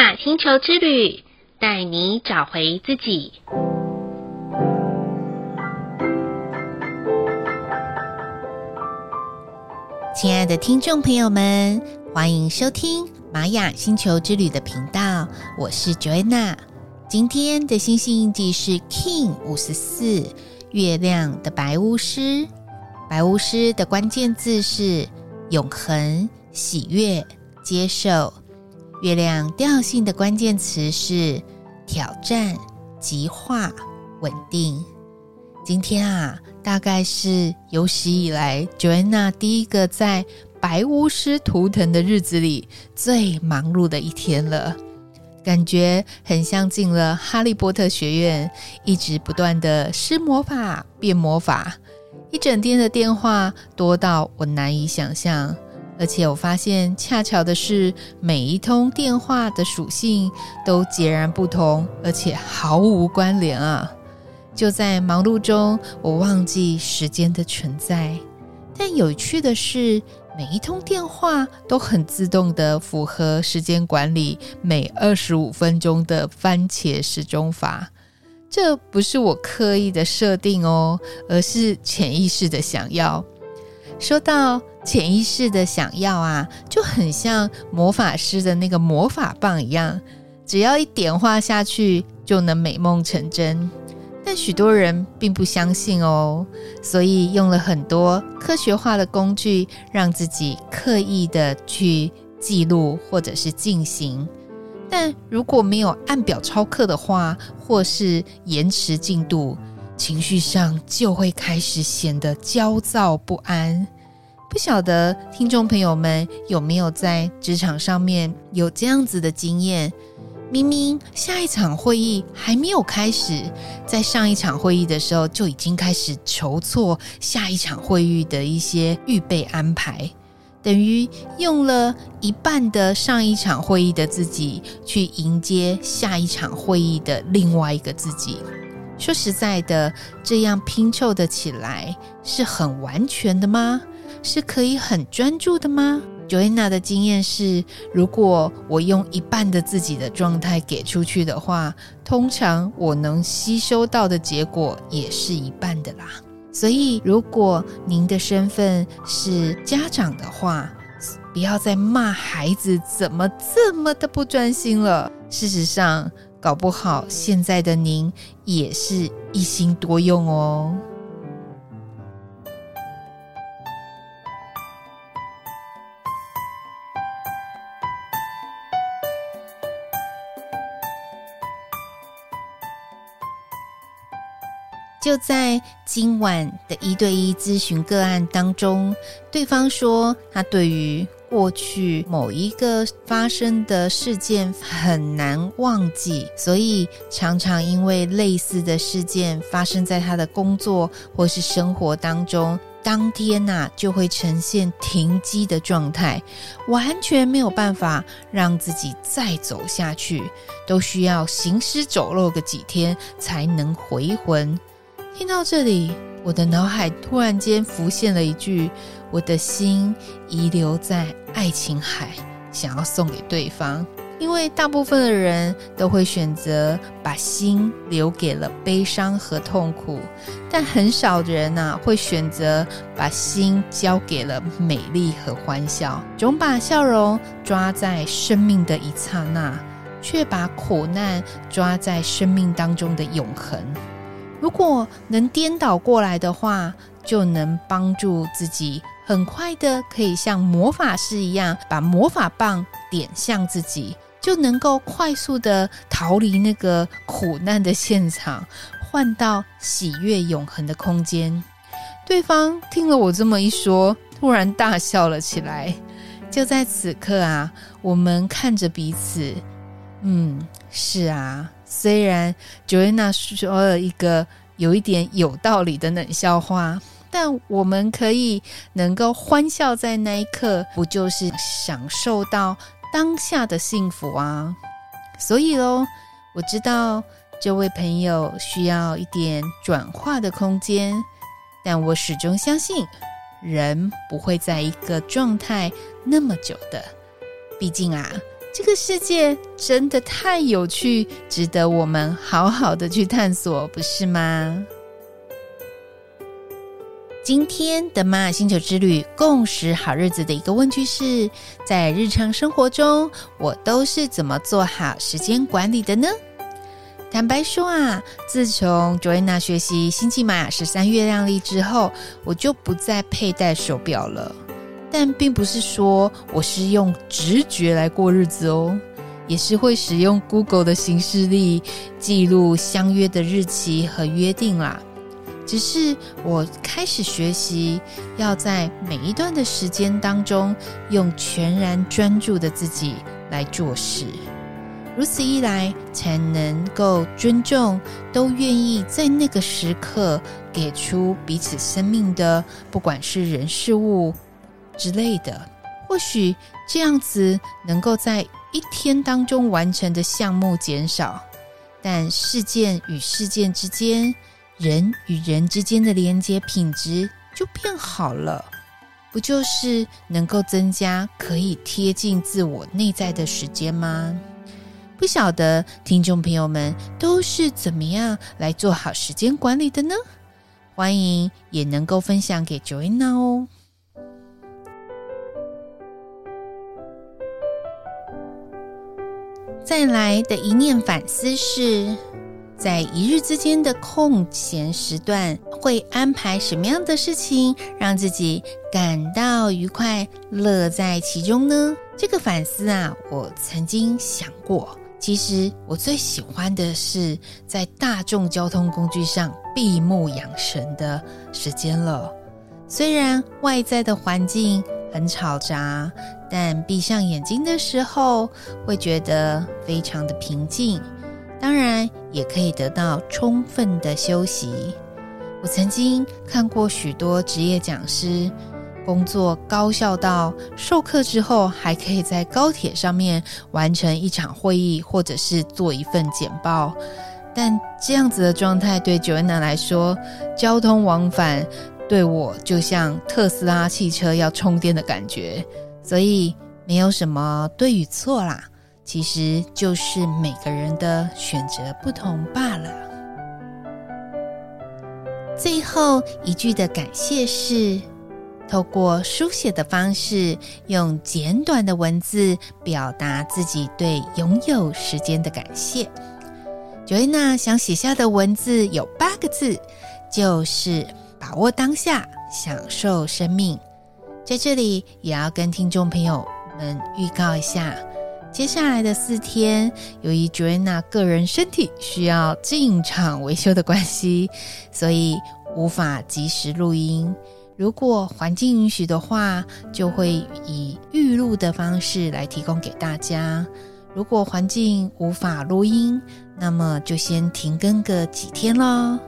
瑪雅星球之旅，帶你找回自己。親愛的聽眾朋友們，歡迎收聽瑪雅星球之旅的頻道，我是 Joanna。今天的星星印記是 Kin 五十四，月亮的白巫師。白巫師的關鍵字是永恆、喜悅、接受。月亮調性的關鍵詞是挑戰、極化、穩定。今天啊，大概是有史以來 Joanna 第一個在白巫師圖騰的日子裡最忙碌的一天了，感覺很像進了哈利波特學院，一直不斷地施魔法、變魔法，一整天的電話多到我難以想象。而且我發現，恰巧的是，每一通電話的屬性都截然不同，而且毫無關聯啊！就在忙碌中，我忘記時間的存在。但有趣的是，每一通電話都很自動地符合時間管理，每二十五分鐘的番茄時鐘法。這不是我刻意的設定哦，而是潛意識的想要。說到潛意識的想要啊，就很像魔法師的那個魔法棒一樣，只要一點化下去就能美夢成真。但許多人並不相信哦，所以用了很多科學化的工具，讓自己刻意的去記錄或者是進行。但如果沒有按表操課的話，或是延遲進度。情緒上就會開始顯得焦躁不安，不曉得聽眾朋友們有沒有在職場上面有這樣子的經驗？明明下一場會議還沒有開始，在上一場會議的時候就已經開始籌措下一場會議的一些預備安排，等於用了一半的上一場會議的自己去迎接下一場會議的另外一個自己。說實在的，這樣拼湊的起來是很完全的嗎？是可以很專注的嗎？Joanna 的經驗是，如果我用一半的自己的狀態給出去的話，通常我能吸收到的結果也是一半的啦。所以，如果您的身份是家長的話，不要再罵孩子怎麼這麼的不專心了。事實上，搞不好，現在的您也是一心多用哦。就在今晚的一對一諮詢個案當中，對方說他對於過去某一個發生的事件很難忘記，所以常常因為類似的事件發生在他的工作或是生活當中，當天吶，啊，就會呈現停機的狀態，完全沒有辦法讓自己再走下去，都需要行屍走肉個幾天才能回魂。聽到這裡，我的腦海突然間浮現了一句。我的心遺留在愛情海，想要送給對方。因為大部分的人都會選擇把心留給了悲傷和痛苦，但很少的人吶、啊、會選擇把心交給了美麗和歡笑。總把笑容抓在生命的一剎那，卻把苦難抓在生命當中的永恆。如果能顛倒過來的話，就能幫助自己很快的，可以像魔法師一樣把魔法棒點向自己，就能夠快速的逃離那個苦難的現場，換到喜悅永恆的空間。對方聽了我這麼一說，突然大笑了起來。就在此刻啊，我們看着彼此，嗯，是啊。雖然 Joanna 說了一個有一點有道理的冷笑話，但我們可以能夠歡笑在那一刻，不就是享受到當下的幸福啊？所以嘍，我知道這位朋友需要一點轉化的空間，但我始終相信，人不會在一個狀態那麼久的，畢竟啊。這個世界真的太有趣，值得我們好好的去探索，不是嗎？今天的瑪雅星球之旅共時好日子的一個問句是：在日常生活中，我都是怎麼做好時間管理的呢？坦白說啊，自從 Joanna 學習星際瑪雅十三月亮曆之後，我就不再佩戴手表了。但並不是說我是用直覺來過日子哦，也是會使用 Google 的行事曆記錄相約的日期和約定啦。只是我開始學習要在每一段的時間當中，用全然專注的自己來做事。如此一來，才能夠尊重都願意在那個時刻給出彼此生命的，不管是人事物。之類的，或許這樣子能夠在一天當中完成的項目減少，但事件與事件之間、人與人之間的連接品質就變好了。不就是能夠增加可以貼近自我內在的時間嗎？不曉得聽眾朋友們都是怎麼樣來做好時間管理的呢？歡迎也能夠分享給 Joanna 哦。再來的一念反思是，在一日之間的空閒時段，會安排什麼樣的事情，讓自己感到愉快、樂在其中呢？這個反思啊，我曾經想過。其實我最喜歡的是在大眾交通工具上閉目養神的時間了。雖然外在的環境，很吵雜，但閉上眼睛的時候會覺得非常的平靜。當然，也可以得到充分的休息。我曾經看過許多職業講師，工作高效到授課之後還可以在高鐵上面完成一場會議，或者是做一份簡報。但這樣子的狀態對 Joanna 來說，交通往返。對我就像特斯拉汽車要充電的感覺，所以沒有什麼對與錯啦，其實就是每個人的選擇不同罷了。最後一句的感謝是透過書寫的方式，用簡短的文字表達自己對擁有時間的感謝。Joanna 想寫下的文字有八個字，就是。把握當下，享受生命。在這裡，也要跟聽眾朋友們預告一下，接下來的四天，由於 Joanna 個人身體需要進場維修的關係，所以無法及時錄音。如果環境允許的話，就會以預錄的方式來提供給大家；如果環境無法錄音，那麼就先停更個幾天嘍。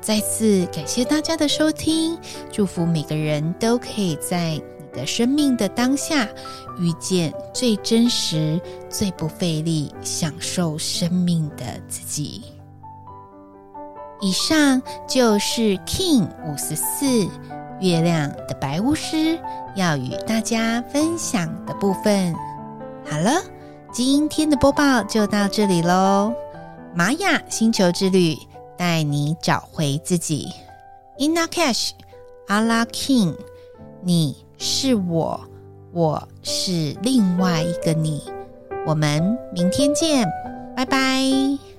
再次感謝大家的收聽，祝福每個人都可以在你的生命的當下，遇見最真實、最不費力、享受生命的自己。以上就是 Kin 五十四月亮的白巫師要與大家分享的部分。好了，今天的播報就到這裡嘍，瑪雅星球之旅。帶你找回自己。In Lak'ech, Ala K'in，你是我，我是另外一個你。我們明天見，拜拜。